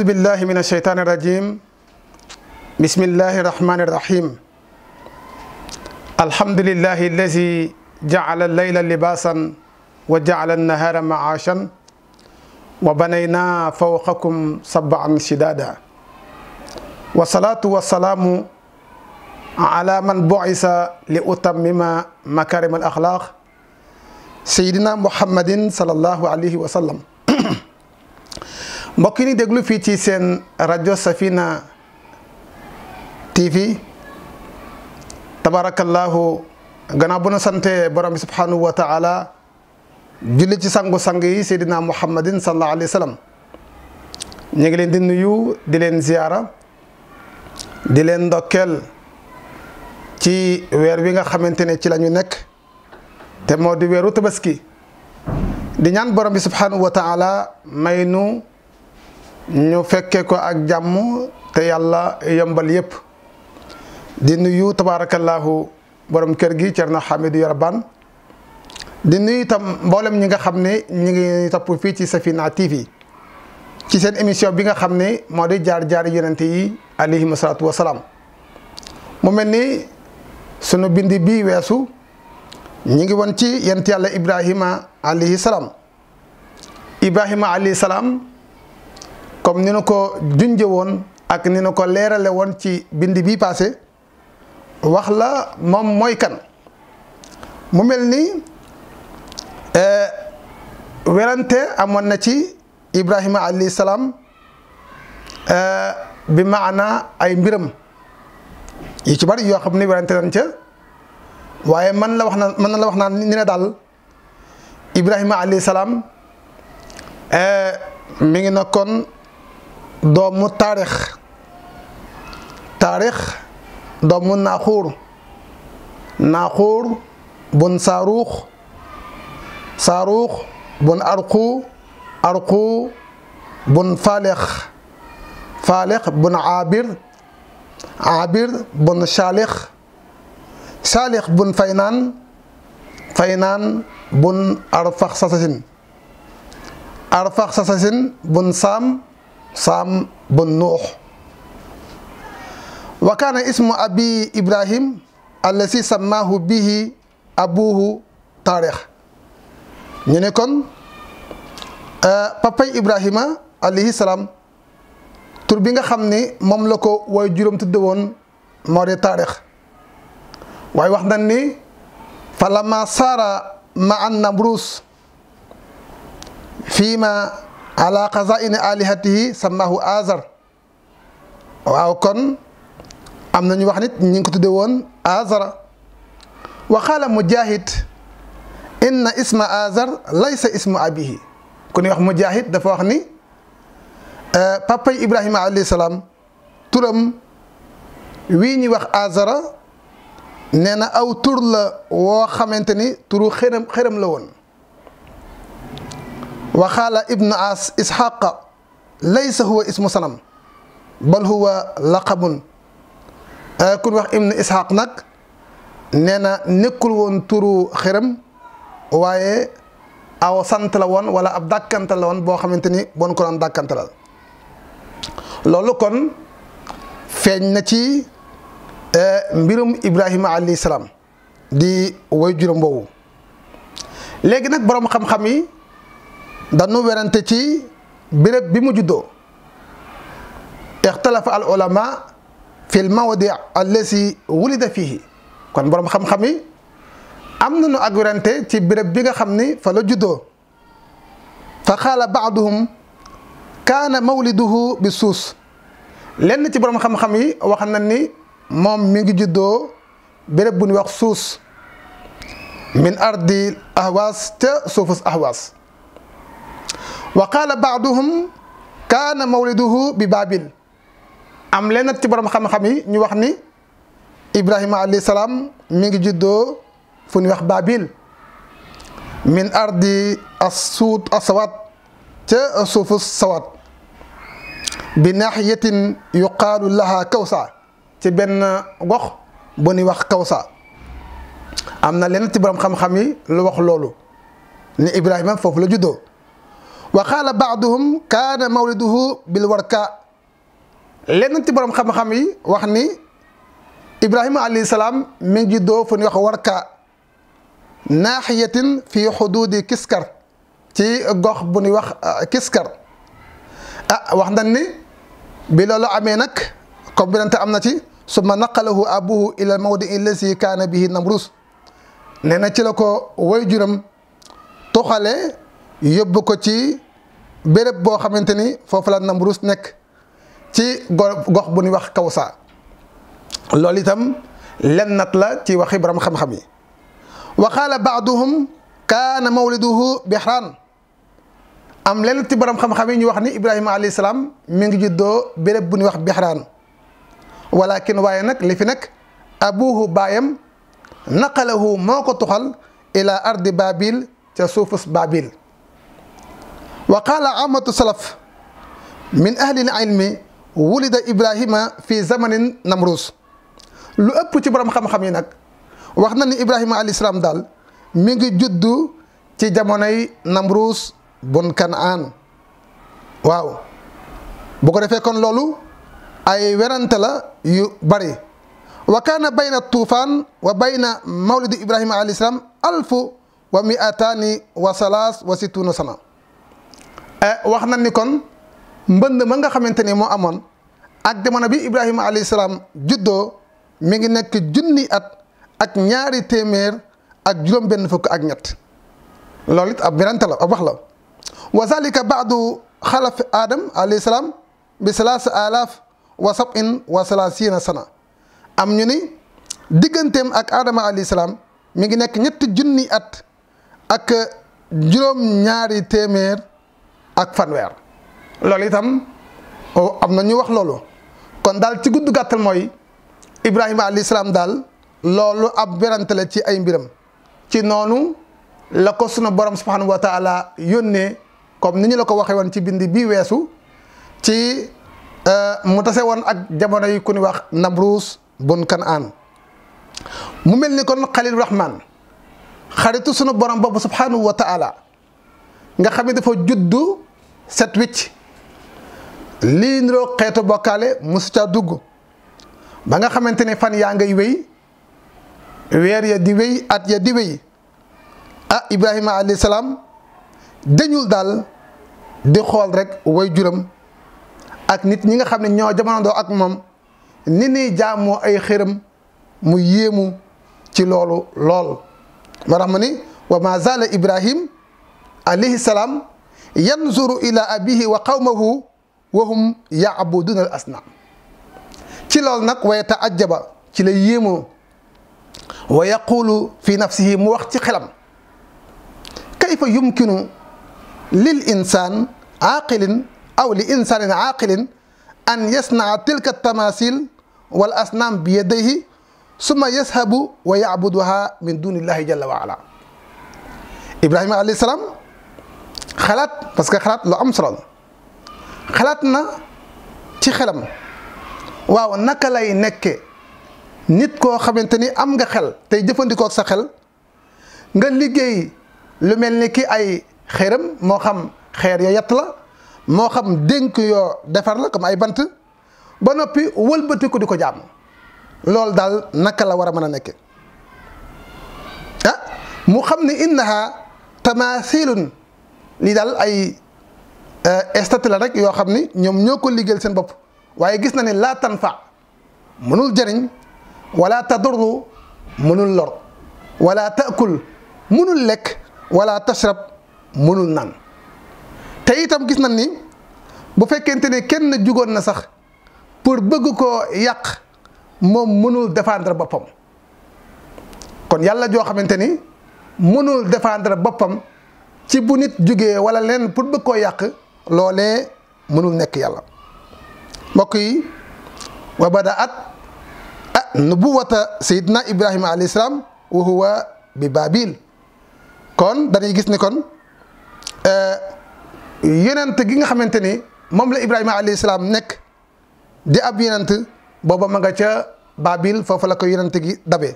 أعوذ بالله من الشيطان الرجيم بسم الله الرحمن الرحيم الحمد لله الذي جعل الليل لباسا وجعل النهار معاشا وبنينا فوقكم سبعا شدادا والصلاة والسلام على من بعث لأتمم مكارم الأخلاق سيدنا محمد صلى الله عليه وسلم mbokk yi déglu fii ci seen rajo Safina TV tabarakallahu gannaaw bu nu sante borom bi subhanahu wa taala julli ci sangu-sang yi seydina muhammadin sallallahu alayhi wa sallam ñu ngi leen di nuyu di leen ziyaara di leen ndokkeel ci weer wi nga xamante ne ci la ñu nekk te moo di weeru tabaski di ñaan borom bi subhanahu wa may nu ñu fekkee ko ak jàmm te yàlla yëmbal yépp di nuyu tabaarakallaahu borom kër gi Cerno Hamidou Yero Bane di nuyu itam mboolem ñi nga xam ne ñi ngi topp fii ci Safina TV ci seen émission bi nga xam ne moo di jaar-jaar yonente yi alayhim salaatu salaam mu mel ni sunu bindi bi weesu ñi ngi woon ci yent yàlla Ibrahima alayhi salaam Ibrahima alayhi salaam comme ni ko junje woon ak ni nu ko leerale woon ci bind bi passé wax la moom mooy kan mu mel ni e, werante amoon na ci Ibrahima alayhi salaam e, bi maana ay mbiram yi ci bari yoo xam ni werante nañ ca waaye man la wax naan man wax naan ni ne daal Ibrahima alayhi salaam e, mi ngi دومو تاريخ تاريخ دومو ناخور ناخور بن صاروخ صاروخ بن أرقو أرقو بن فالخ فالخ بن عابر عابر بن شالخ شالخ بن فينان فينان بن أرفخ ساسين أرفخ ساسين بن سام صام بن نوح وكان اسم أبي إبراهيم الذي سماه به أبوه طارق ñu ne kon papay Ibrahima alayhi salaam tur bi nga xam ne moom la ko way juróom tudde woon moo de taarix waaye wax nañ ni falama saara ma an namrus fii ma ala xazaini alihatihi azar waaw kon am na ñu wax nit ñi ngi ko tudde woon azara wa qaala mujahid inna isma azar laysa ismu abihi ku ni wax mujahid dafa wax ni eh, papay ibrahima alayhi salaam turam wii ñuy wax azara nee na aw tur la woo xamante ni turu xëram xëram la woon wa qaala ibnu as isxaqa laysa huwa ismu sanam bal huwa laqabun euh, kun wax ibnu nag nee na nekkul woon turu xërëm waaye aw sant la woon wala ab dàkkante la boo xamante ni bon ko daan dàkkante la loolu kon feeñ na ci euh, mbirum ibrahima alayhi salaam di way juróom boobu léegi nag boroom xam-xam dañu werante ci béréb bi mu juddoo ixtalafa al ulama fi l mawdi allazi kon boroom xam yi am nañu ak werante ci béréb bi nga xam ni fa la juddoo fa qaala baaduhum kaana mawliduhu bi suus lenn ci boroom xam-xam yi wax na ni moom mi ngi juddoo béréb bu ñu wax suus min ardi ahwaas ca suufus ahwaas وقال بعضهم كان مولده ببابل ام لين تي بروم خام خامي ابراهيم عليه السلام ميغي جدو فوني واخ بابل من ارض الصوت اصوات تا اسوف الصوات بناحيه يقال لها كوسا تي بن غوخ بوني واخ كوسا امنا لين تي بروم خام لو واخ لولو ني ابراهيم فوف لا جيدو wa qaala baaduhum kaana mawliduhu bil warka lenn ci borom xam-xam yi wax ni ibrahima alayhi salaam mi ngi juddoo fu ñuy wax warka naaxiyatin fi xuduudi kiskar ci gox bu ñuy wax euh, kiskar ah wax nañ ni bi loolu amee nag comme bi nante am na ci summa naqalahu abuhu ila mawdi illasi kaana bihi namrus nee na ci la ko way juram tuxale yóbbu ko ci béréb boo xamante ni foofu la Namrus nekk ci gox bu ñuy wax Kawsa loolu itam lennat la ci waxi borom xam-xam yi wa qaala baaduhum kaana mawliduhu Bihraan am lenn ci borom xam-xam yi ñu wax ni Ibrahima alayhi salaam mi ngi juddoo béréb bu ñuy wax Bihraan walakin waaye nag li fi nekk abuhu baayam naqalahu moo ko tuxal ila ardi Babil ca suufus Babil wa qaala amatu salaf min ahli ilmi wulida ibrahima fi zamanin namrus lu ëpp ci borom xam-xam yi nag wax na ni ibrahima alayhi salaam daal mi ngi juddu ci jamonoy namrus bun kanaan waaw bu ko defee kon loolu ay werante la yu bari wa kaana bayna tuufaan wa bayna mawlidi ibrahima alayhi salaam alfu wa miataani wa salaas wa situna sana Eh, wax nañ ni kon mbënd ma nga xamante ni moo amoon ak jamono bi Ibrahima alayhi salaam juddoo mi ngi nekk junni at ak ñaari téeméer ak juróom benn fukk ak ñett loolu ab werante la ab wax la wa zalika baadu xalaf adam alayhi salaam bi salaasa alaaf wa sab'in wa salaasina sana am ñu ni digganteem ak aadama alayhi salaam mi ngi nekk ñett junni at ak juróom ñaari téeméer ak fanweer loolu itam am na ñuy wax loolu kon daal ci gudd gàttal mooy Ibrahima alayhi salaam daal loolu ab werante la ci ay mbiram ci noonu la ko sunu borom subhanahu wa yónnee comme ni ñu la ko waxee woon ci bind bii weesu ci euh, mu tase woon ak jamono yi ku ni wax Namruus bun Kanaan mu mel ni kon Xalil Rahman xaritu sunu borom boobu subhanahu wa nga xam ne dafa juddu set wicc lii niroo xeetu bokkaale mosu caa dugg ba nga xamante ne fan yaa ngay wéy weer ya di wéy at ya di wéy ah Ibrahima alayhi salaam dañul daal di xool rek way juram ak nit ñi nga xam ne ñoo jamono doo ak moom ni ni jaamoo ay xëram mu yéemu ci loolu lool moo tax ni wa ma Ibrahim alayhi salaam ينظر الى ابيه وقومه وهم يعبدون الاصنام تي لول نك ويتعجب تي ليمو ويقول في نفسه موختي خلم كيف يمكن للانسان عاقل او لانسان عاقل ان يصنع تلك التماثيل والاصنام بيديه ثم يذهب ويعبدها من دون الله جل وعلا ابراهيم عليه السلام xalaat parce que xalaat lu am solo xalaat na ci xelam waaw naka lay nekke nit koo xamante ni am nga xel tey jëfandikoo ak sa xel nga liggéey lu mel ni ki ay xeeram moo xam xeer ya yett la moo xam dénk yoo defar la kom ay bant ba noppi wëlbatiku di ko jaamu loolu daal naka la war a mën a nekke ah mu xam ni innaha tamathilun lii daal ay euh, statut la rek yoo xam ni ñoom ñoo ko liggéeyal seen bopp waaye gis na ne laa tanfa mënul jëriñ wala tadurru mënul lor wala taakul mënul lekk wala tashrab mënul naan te itam gis na ni bu fekkente ne kenn jugoon na sax pour bëgg ko yàq moom mënul défendre boppam kon yàlla joo xamante ni mënul défendre boppam ci bu nit jógee wala leen pour bëgg koo yàq loole mënul nekk yàlla mbokk yi wa badaat ah nubuwata sayidna ibrahima alayhi salaam wa huwa bi babil kon dañuy gis ni kon eh, yonent gi nga xamante ni moom la ibrahima alayhi salaam nekk di ab yonent booba ma nga babil foofu la ko yonent gi dabe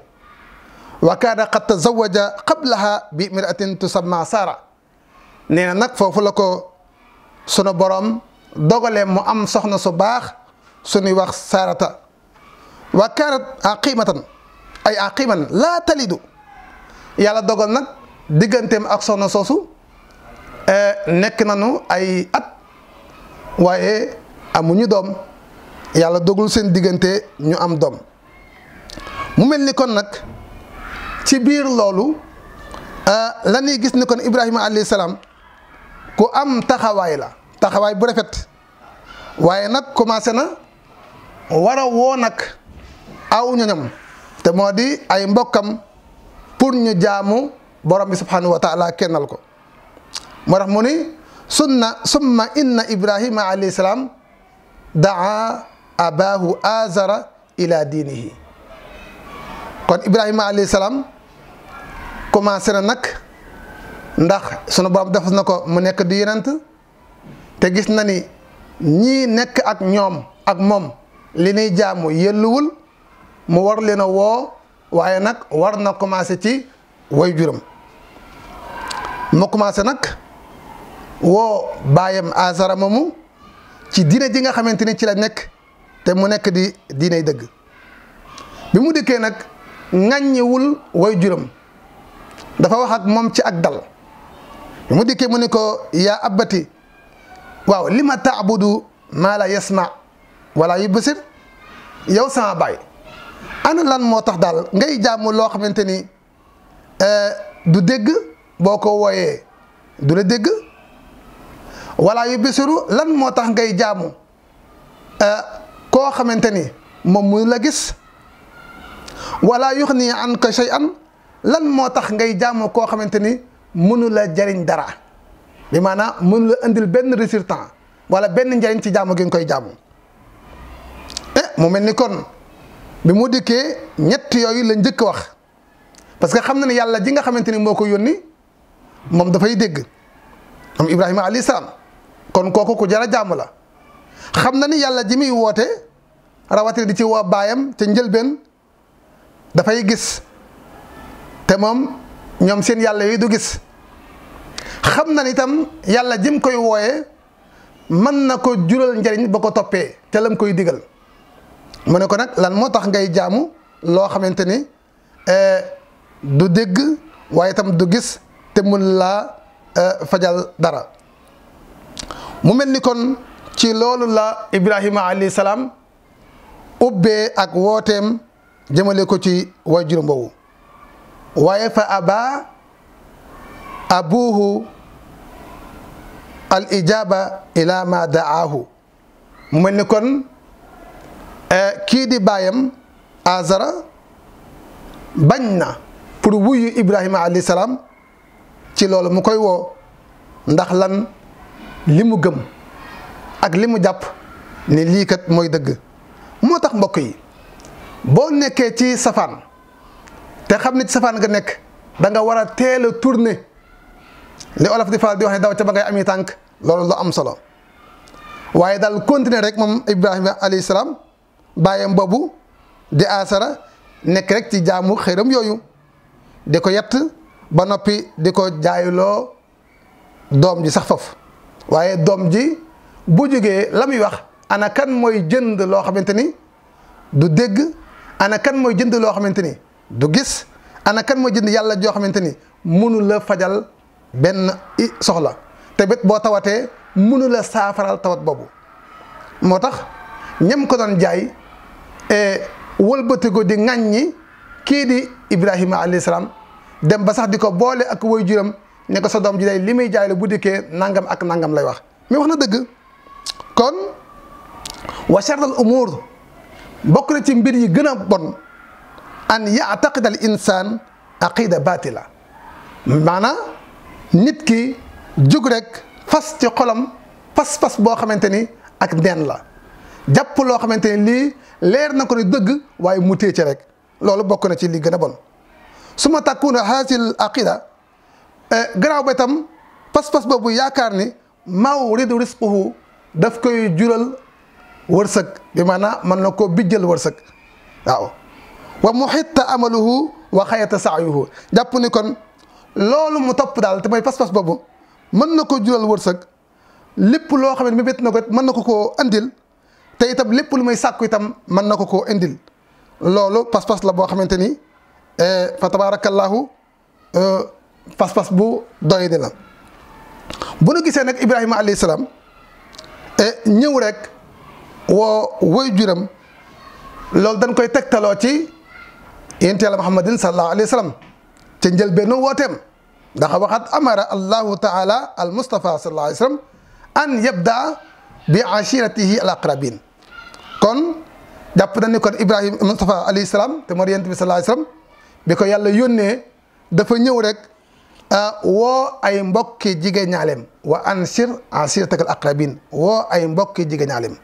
wa kaana qad tazawaja qablaha bi imraatin tusamma sara nee nag foofu la ko sunu boroom dogalee mu am soxna su baax suñuy wax saarata wa kaanat aqimatan ay aqiman laa talidu yàlla dogal nag digganteem ak soxna soosu eh, nekk nañu ay at waaye amuñu doom yàlla dogul seen diggante ñu am doom mu mel ni kon nag ci biir loolu eh, la ñuy gis ni kon Ibrahima alayhi salaam ku am taxawaay la taxawaay bu rafet waaye nag commencé na warawoo nag aw ñoñam te moo di ay mbokkam pour ñu jaamu borom bi subhanahu wa taala kennal ko moo tax mu ni sunna summa inna ibrahima alayhi salaam daa abaahu azara ila diinihi kon ibrahima alayhi salaam commencé na nag ndax sunu borom defas na ko mu nekk di yonent te gis na ni ñii nekk ak ñoom ak moom li nuy jaamu yëlluwul mu war leen a woo waaye nag war na commencé ci woy juram mu commencé nag woo baayam Azara moomu ci diine ji nga xamante ni ci la nekk te mu nekk di diiney dëgg bi mu dikkee nag ŋàññiwul woy juróom dafa wax ak moom ci ak dal bi mu dikkee mu ni ko yaa abbati waaw li ma taabudu maa la yasma wala yubsir yow sama baay ana lan moo tax daal ngay jaamu loo xamante ni eh, du dégg boo ko wooyee du la dégg wala yubsiru lan moo tax ngay jaamu eh, koo xamante ni moom muy la gis wala yuxni an ka shay'an lan moo tax ngay jaamu koo xamante ni mënu la jariñ dara bi maanaam mënu la indil benn résultat wala benn njariñ ci jàmm gi nga koy jaamu eh mu mel ni kon bi mu dikkee ñett yooyu la njëkk wax parce que xam na ne yàlla ji nga xamante ni moo ko yónni moom dafay dégg am Ibrahima alayhi salaam kon kooku ku jara jaamu la xam na ni yàlla ji muy woote rawatin di ci woo baayam te njëlbeen dafay gis te moom ñoom seen yàlla yi du gis xam na ni itam yàlla jëm koy wooye mën na ko jural njariñ ba ko toppee te lam koy diggal mu ne ko nag lan moo tax ngay jaamu loo xamante ni eh, du dégg waaye itam du gis te mun laa eh, fajal dara mu mel ni kon ci loolu la Ibrahima alayhi salaam ubbee ak wooteem jëmale ko ci waajuram boobu waaye fa abaa abuhu al ijaba ila ma daahu mu mel ni kon e, kii di baayam azara bañ na pour wuyu ibrahima salaam ci loolu mu koy woo ndax lan li mu gëm ak limu mu jàpp ni lii kat mooy dëgg moo tax mbokk yi boo nekkee ci safaan té xamni ne ci dan nga nek da nga wara télé tourner li olaf di fal di waxe daw ci ba ngay ami tank lolou lu am solo waye dal continuer rek mom ibrahim alayhi salam bayam bobu di asara nek rek ci jaamu xeyram yoyu di ko yatt ba nopi di ko jaayuloo dom ji sax fof waye dom ji bu joge lamuy wax ana kan moy jënd lo xamanteni du deg ana kan moy jënd lo xamanteni du gis ana kan moo jënd yàlla joo xamante ni mënu la fajal benn i soxla te bët boo tawatee mënu la saafaral tawat boobu moo tax ñem ko doon jaay e wëlbatiku di ŋàññi kii di Ibrahima alayhi salaam dem ba sax di ko boole ak woy juram ne sa doom ji day li muy jaay la bu dikkee nangam ak nangam lay wax mais wax na dëgg kon wa sharral umur bokk na ci mbir yi gën a bon an yaataqida al insaan aqida baatila maanaam nit ki jug rek fas ci xolam fas-fas boo xamante ni ak neen la jàpp loo xamante ni lii leer na ko ni dëgg waaye mu téye ci rek loolu bokk na ci li gën a bon su ma takkuuna haasil aqida eh, gannaaw ba itam pas-pas boobu yaakaar ni mawridu risquhu daf koy jural wërsëg bi maanaam mën na koo bijjal wërsëg waaw wa muhitta amaluhu wa xayata saayuhu jàpp ni kon loolu mu topp daal te mooy pas-pas boobu mën na ko jural wërsëg lépp loo xam ne mébét na ko mën na ko ko indil te itam lépp lu may sàkku itam mën na ko ko indil loolu pas-pas la boo xamante ni eh, fa tabaarakallaahu eh, pas-pas bu doy di la bu nu gisee nag Ibrahima alayhi salaam eh, ñëw rek woo woy juram loolu dañ koy tegtaloo ci yonent Yàlla Muhammadin sallallahu alayhi wa sallam ca njëlbéen wooteem daxa waxaat amara allahu taala al mustafa sallallahu alayhi wa sallam an yabdaa bi ashiratihi al aqrabin kon jàpp na ni kon Ibrahima Mustafa alayhi salaam te moo yonent bi sallallahu alayhi wa sallam bi ko yàlla yónnee dafa ñëw rek woo ay mbokki jigéen ñaaleem wa anshir ashiratakal aqrabin woo ay mbokki jigéen ñaaleem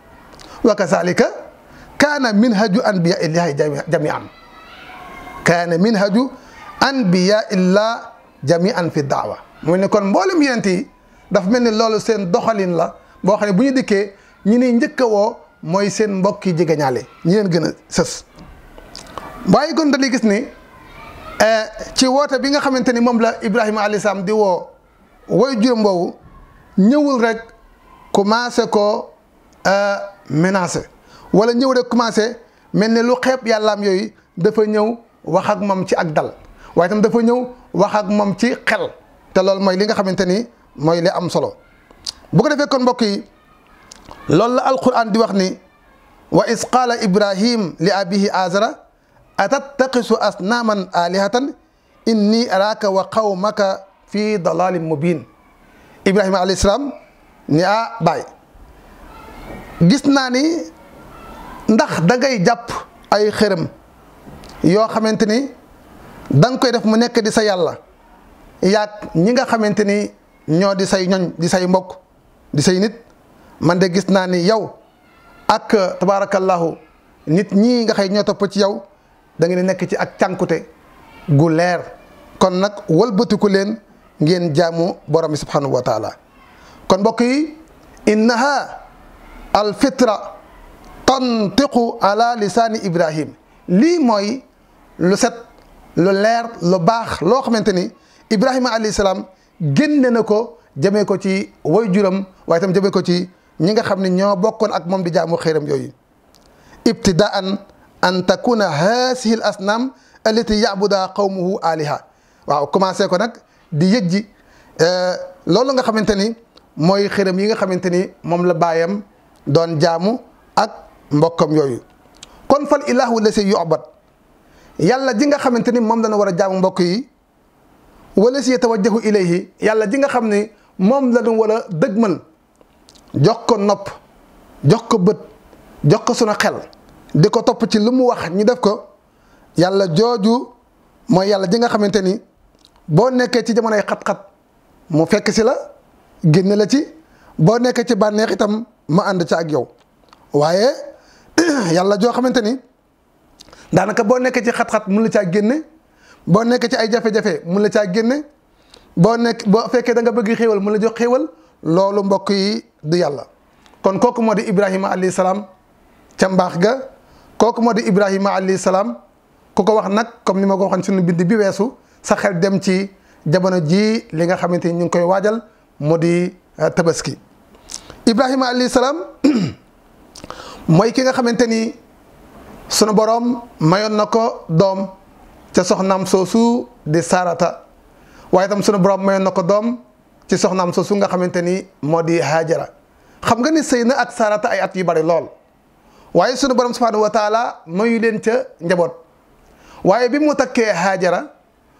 wa kazalika kaana minhaju anbiya illahi jamian kaana minhaju anbiya illa jami'an fi daawa mu ne kon mboolem yonent yi dafa mel ni loolu seen doxalin la boo xam ne bu ñu dikkee ñu ni njëkk woo mooy seen mbokki yi jegeñaale ñi leen gën a sës waaye kon dañuy gis ni eh, ci woote bi nga xamante ni moom la Ibrahima alayhi salaam di woo woy juróom boobu ñëwul rek commencé ko eh, menacé wala ñëw de commencé mel ni lu xeeb yàllaam yooyu dafa ñëw wax ak moom ci ak dal waaye dafa ñëw wax moom ci xel te loolu mooy li nga xamante ni mooy li am solo bu ko defee kon mbokk yi loolu la alquran di wax ni wa is qaala ibrahim li abihi azara atattaqisu asnaaman alihatan inni araaka wa qawmaka fi dalalin mubin ibrahima alayhi ni a ah, baay gis naa ni ndax da ngay jàpp ay xërëm yo xamanteni dang koy def mu nek di sa yalla yak ñi nga xamanteni ño di say ñoñ di say mbokk di say nit man de gis na ni yow ak tabarakallah nit ñi nga xey ño top ci yow da ngeen nek ci ak cànkute gu leer kon nak walbatiku len ngeen jaamu borom subhanahu wa taala kon mbokk yi innaha al tantiqu ala lisan ibrahim li moy lu set lu leer lu baax loo xamante ni Ibrahima alayhi salaam génne na ko jëmee ko ci way juram waaye itam jëmee ko ci ñi nga xam ne ñoo bokkoon ak moom di jaamu xëyram yooyu ibtidaan an takuna haasihi al asnaam allati yabuda qawmuhu aliha waaw commencé ko nag di yëjji euh, loolu nga xamante ni mooy xëram yi nga xamante ni moom la baayam doon jaamu ak mbokkam yooyu kon fal ilahu la si yu'bad yàlla ji nga xamante ni moom dana war a jaamu mbokk yi wala si tawajjahu ilayhi yàlla ji nga xam ni moom la ñu war a dëgmal jox ko nopp jox ko bët jox ko sunu xel di ko topp ci lu mu wax ñu def ko yàlla jooju mooy yàlla ji nga xamante ni boo nekkee ci jamonoy xat-xat mu fekk si la génne la ci boo nekkee ci bànneex itam mu ànd ci ak yow waaye yàlla joo xamante ni. danaka bo nek ci khat khat mën la ca génne bo nek ci ay jafe jafé mën la ca génne bo nek bo fekkee da nga bëgg xéewal mën la jox xéewal loolu mbokk yi du yalla kon koku modi ibrahima alayhi salam ca mbax ga koku modi ibrahima alayhi salam kuko wax nak comme ni ko waxan sunu bind bi wessu sa xel dem ci jamono ji li nga xamanteni ñu koy wajal modi euh, tabaski ibrahima alayhi salam moy ki nga xamanteni sunu borom mayoon na ko doom ca soxnaam soosu di Sarata waaye itam sunu borom mayoon na ko doom ci soxnaam soosu nga xamante ni moo di Haajara xam nga ni sëy na ak Sarata ay at yu bari lool waaye sunu borom subhaanahu wa mayu leen ca njaboot waaye bi mu takkee Haajara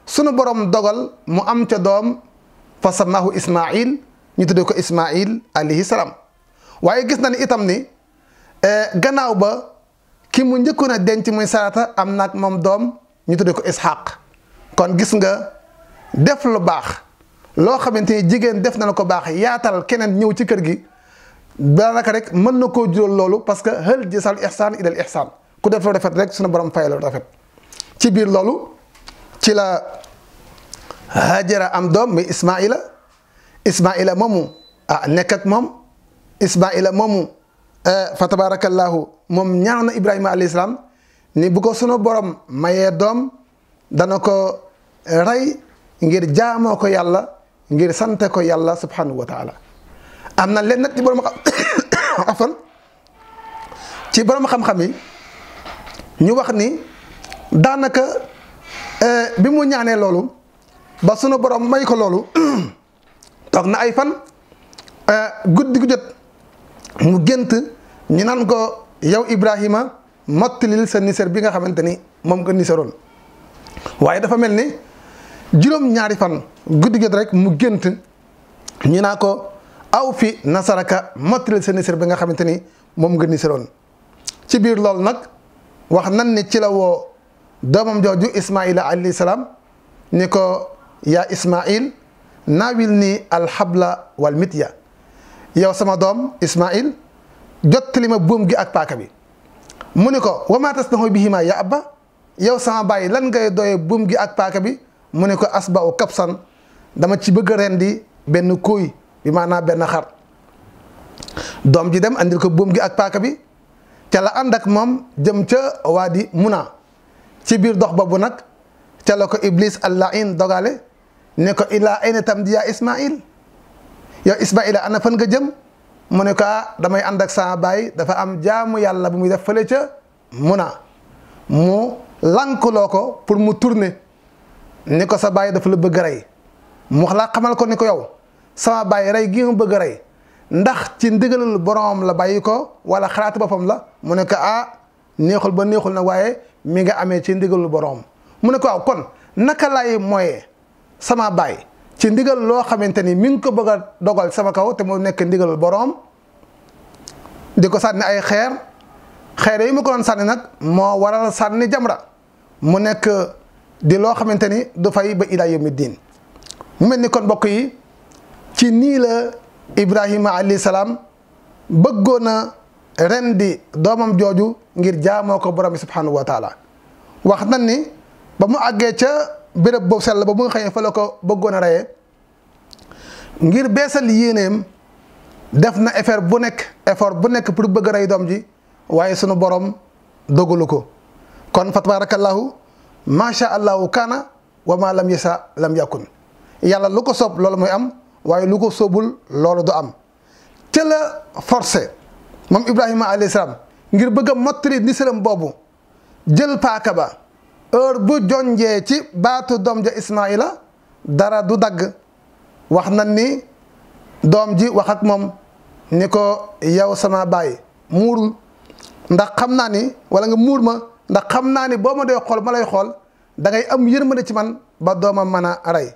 sunu borom dogal mu am ca doom fa samaahu Ismail ñu tuddee ko Ismail alayhi salaam waaye gis na ni itam ni eh, gannaaw ba. ki mu njëkkoon a denc muy sarata am nag moom doom ñu tuddee ko Ishaq kon gis nga def lu baax loo xamante ni jigéen def na la ko baax yaatal keneen ñëw ci kër gi daanaka rek mën na koo jural loolu parce que hal jasal ihsaan ilal ku def lu rafet rek su suñu borom fay lu rafet ci biir loolu ci la Hajara am doom muy Ismaila Ismaila moomu ah nekk ak moom Ismaila moomu Eh, fa tabaarakallaahu moom ñaana na Ibrahima salaam ni bu ko sunu borom mayee doom dana ko rey ngir jaamoo ko yàlla ngir sante ko yàlla subhanahu wa am na leen nag ci borom afan ci borom xam-xam yi ñu wax ni daanaka eh, bi mu ñaanee loolu ba sunu borom may ko loolu toog na ay fan eh, guddi gu mu gént ñu nan ko yow Ibrahima mottalil sa niser bi nga xamante ni moom ko niseroon waaye dafa mel ni juróom ñaari fan guddi jot rek mu gént ñu naa ko aw fi nasaraka mottalil sa niser bi nga xamante ni moom nga niseroon ci biir loolu nag wax nan ni ci la woo doomam jooju Ismaila alayhi salaam ni ko yaa Ismail naawil ni alxabla wal mitya yow sama doom Ismaïl jot ma buum gi ak paaka bi mu ni ko wama tasnahu bihimaa ya abba yow sama bàyyi lan ngay doye buum gi ak paaka bi mu ni ko asba'u kabsan dama ci bëgg a rendi benn kuuy bi maanaam benn xar doom ji dem andil ko buum gi ak paaka bi ca la ànd ak moom jëm ca waadi Muna ci biir dox boobu nag ca la ko Iblis al in dogale ne ko ilaa ayna tamdi yaa Ismaïl yow Ismaila ana fan nga jëm mu ne ko ah, damay ànd ak sama baay dafa am jaamu yàlla bu muy def fële ca Muna mu lankuloo ko pour mu turne ni ko sa baay dafa la bëgg rey mu la xamal ko ni ko yow sama baay rey gi nga bëgg rey ndax ci ndigalul boroom la bàyyi ko wala xalaatu boppam la mu ne ko ah neexul ba neexul na waaye mi nga amee ci ndigalul boroom mu ne ko waaw kon naka lay mooyee sama baay ci ndigal loo xamante ni mi ngi ko bëgg a dogal sama kaw te mu nekk ndigalul boroom di ko sànni ay xeer xeer yi mu ko sànni nag moo waral sànni jamra mu nekk di loo xamante ni du fay ba ilaa yawmi diin mu mel ni kon mbokk yi ci nii la Ibrahima alayhi salaam bëggoon ren di doomam jooju ngir jaamoo ko borom bi subhanahu wa ni ba mu àggee ca béréb boobu sell ba bu nga xëyee fa la ko bëggoon a reyee ngir beesal yéeneem def na effort bu nekk effort bu nekk pour bëgg rey doom ji waaye sunu borom dogalu ko kon fa tabarakallahu macha allahu kaana wa ma lam yasa lam yakun yàlla lu ko soob loolu muy am waaye lu ko soobul loolu du am ca force forcé moom ibrahima alayhi ngir bëgg a mottali nisaram boobu jël paaka ba heure bu jonjee ci baatu doom ja Ismaila dara du dagg wax na ni doom ji wax ak moom ni ko yow sama baay muurul ndax xam naa ni wala nga muur ma ndax xam naa ni boo ma dee xool ma lay xool dangay am ngay am yërmande ci man ba doomam mën a rey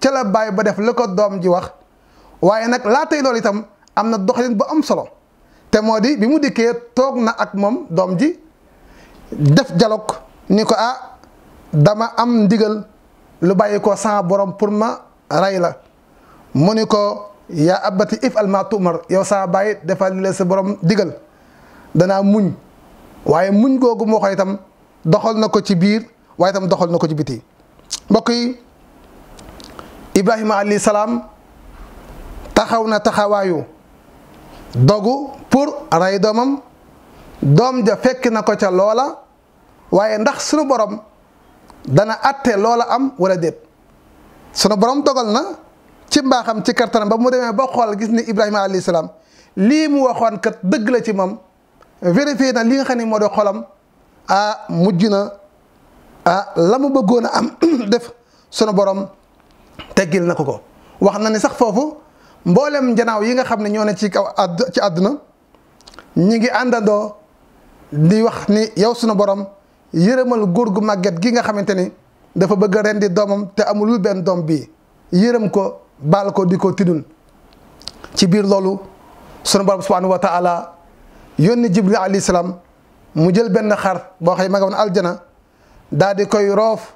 ca la baay ba def la ko doom ji wax waaye nag laa tey loolu itam am na doxalin bu am solo te moo di bi mu dikkee toog na ak moom doom ji def dialogue ni ko ah dama am ndigal lu bàyyi ko sama borom pour ma rey la mu ni ko yaa abati if al ma tumar yow saa bàyyi defal li la sa borom digal danaa muñ waaye muñ googu moo ko itam doxal na ko ci biir waaye itam doxal na ko ci biti mbokk yi Ibrahima alayhi salaam taxaw na taxawaayu dogu pour rey doomam doom ja fekk na ko ca loola waaye ndax sunu borom dana àtte loola am wala dépp sunu borom dogal na ci mbaaxam ci kartanam ba mu demee ba xool gis ni Ibrahima alayhi salaam lii mu waxoon kat dëgg la ci moom vérifié na li nga xam ne moo di xolam a ah, mujj na ah la mu bëggoon a am def sunu borom teggil na ko ko wax na ni sax foofu mboolem njanaaw yi nga xam ne ñoo ne ci kaw àdd ci àdduna ñu ngi àndandoo di wax ni yow sunu boroom yërëmal góor gu màgget gi nga xamante ni dafa bëgg a rendi doomam te amul benn doom bii yërëm ko baal ko di ko tiddul ci biir loolu sunu borom subhanahu wa taala yónni jibril alayhi salaam mu jël benn xar boo xay ma aljana daa di koy roof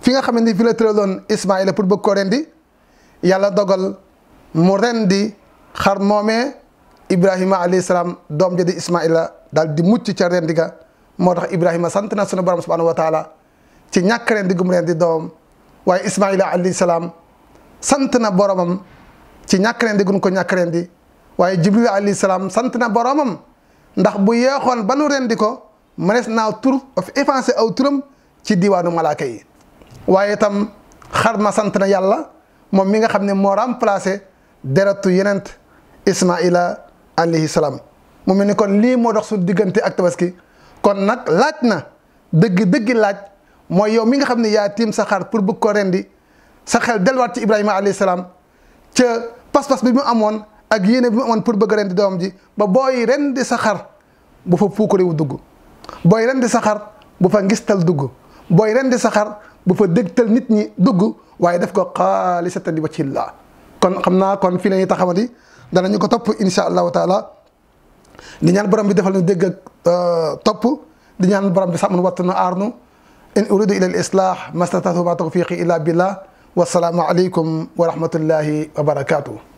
fi nga xamante ni fi la tëraloon Ismaïla pour bëgg ko rendi yàlla dogal mu rendi xar moomee Ibrahima alayhi salaam doom ja di Ismaïla daal di mucc ca rendi ga moo tax Ibrahima sant na sunu borom subhanahu wa taala ci ñàkk leen di gum leen di doom waaye Ismaila alayhi salaam sant na boromam ci ñàkk leen gum ko ñàkk leen waaye Jibril alayhi salaam sant na boromam ndax bu yeexoon ba nu ren di ko mënees naa tur of effacé aw turam ci diwaanu malaaka yi waaye itam xar ma sant na yàlla moom mi nga xam ne moo remplacé deretu yenent Ismaila alayhi salaam mu mel ni kon lii moo dox su diggante ak tabaski kon nak laaj na deug deug laaj moy yow mi nga xamni ya tim sa xar pour bu ko rendi sa xel delluwaat ci Ibrahima alayhi salam ci pas-pas bi mu amone ak yene bi mu amone pour beug rendi dom ji ba boy rendi sa xar bu fa puukare wu dug boy rendi sa xar bu fa ngistal dug boy rendi sa xar bu fa degtal nit ñi dug waye def ko li wajhillah kon xamna kon fi lañu ñuy taxawati danañu ko top inshallah taala di ñaan borom bi defal ñu dégg ak euh, topp di ñaan borom bi sàmm wattu na aar nu in uridu ila al islah mastatatu ma tawfiqi illa billah wasalaamu aleykum wa rahmatullahi wa barakatuh